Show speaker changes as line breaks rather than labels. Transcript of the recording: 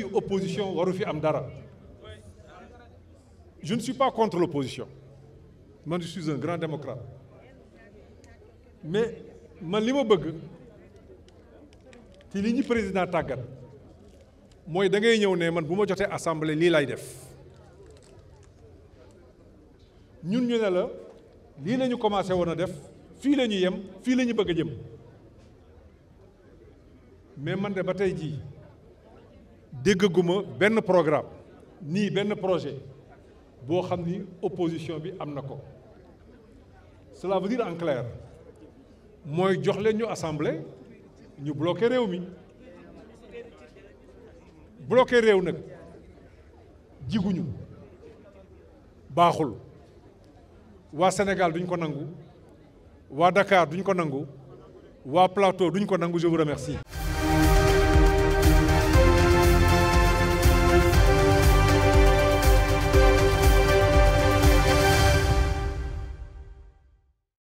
fii opposition waru fi am dara je ne suis pas contre l'opposition moi je suis un grand démocrate mais man li ma bëgg ci li ñu président tagat moy da ngay ñëw né man buma ma assemblée li lay def ñun ñu ne la li lañu commencé wona a def fi lañu yem fi lañu bëgg jëm mais man de batay ji déggaguma benn programme ni benn projet boo xam ni opposition bi am na ko cela veut dire en clair mooy jox leen ñu assemblée ñu bloqué réew mi bloqué réew nag jiguñu baaxul waa Sénégal duñ ko nangu waa Dakar duñ ko nangu waa Plateau duñ ko nangu je vous remercie